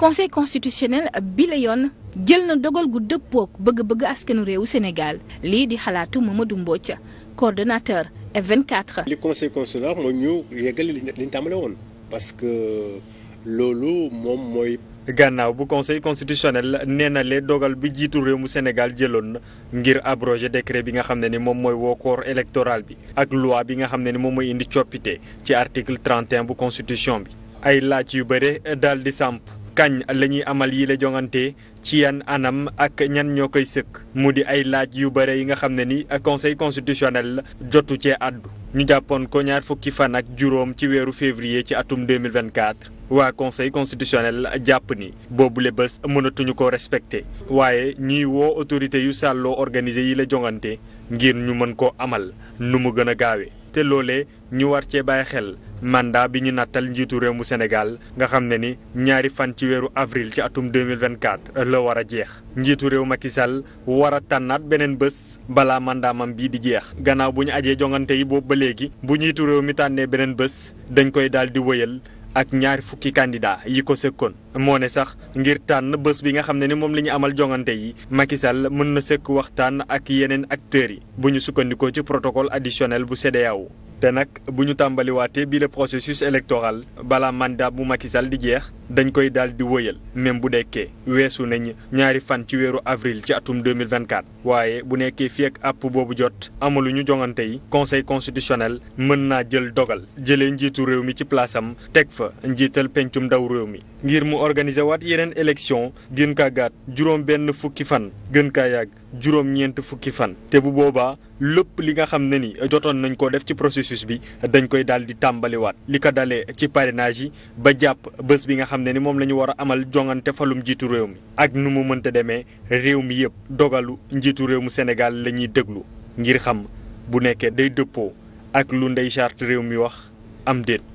conseil constitutionnel bi la yoon jël na dogal gu dëppook bëgg-bëgg askanu réewu Sénégal lii di xalaatu Mamadou Mbodj coordonnateur F24. li conseil constitutionnel mooy ñu yeggale li ñu tàmbale woon parce que loolu moom mooy. gànnaaw bu conseil constitutionnel nee na le dogal bi jiitu réew mu Sénégal jëloon ngir abroger décret bi nga xam ne ni moom mooy woo corps électoral bi ak loi bi nga xam ne ni moom mooy indi coppite ci article 31 bu constitution bi ay laaj yu bëre daal di samp. kañ la ñuy amal yi la jongante ci yan anam ak ñan ñoo koy sëkk mu di ay laaj yu bare yi nga xam ne ni conseil constitutionnel jotu cee àddu ñu jàppoon ko ñaar fukki fan ak juróom ci weeru février ci atum 2024 waa conseil constitutionnel jàpp ni boobule bés mënatuñu ko respecté waaye ñiy woo autorité yu sàlloo organisé yi la jongante ngir ñu mën koo amal nu mu gën a gaawe te loolee ñu war cee xel mandat bi ñu nattal njiitu réew mu Sénégal nga xam ne ni ñaari fan ci weeru avril ci atum 2024 la war a jeex njiitu réew Macky Sall war a tànnaat beneen bés balaa mandaamam bii di jeex gannaaw bu ñu ajee jongante yi boobu ba léegi bu njiitu réew mi tànnee beneen bés dañ koy daal di wëyal ak ñaari fukki candidat yi ko sëkkoon moo ne sax ngir tànn bés bi nga xam ne ni moom la ñu amal jongante yi makisal Sall mën na sëkk tànn ak yeneen acteurs yi bu ñu sukkandikoo ci protocole additionnel bu CEDEAO te nag bu ñu tàmbaliwaatee bii le processus électoral balaa mandat bu Macky Sall di jeex dañ koy daal di wëyal même bu dekkee weesu nañu ñaari fan ci weeru avril ci atum 2024 waaye bu nekkee fii ak àpp boobu jot amaluñu jongante yi conseil constitutionnel mën naa jël dogal jëlee njiitu réew mi ci place am teg fa njiital pencum ndaw réew mi ngir mu organiser waat yeneen élection gën kaa gàtt juróom benn fukki fan gën kaa yàgg juróom-ñeent fukki fan te bu boobaa lépp li nga xam ne ni jotoon nañ ko def ci processus bi dañu koy daal di tàmbaliwaat li ko dalee ci parrainage ba jàpp bés bi nga xam ne ni moom la ñu war a amal jongante falum njiitu réew mi ak nu mu mënta demee réew mi yëpp dogalu njiitu réew mu Sénégal lañuy ñuy déglu ngir xam bu nekkee day dëppoo ak lu ndey charte réew mi wax am déet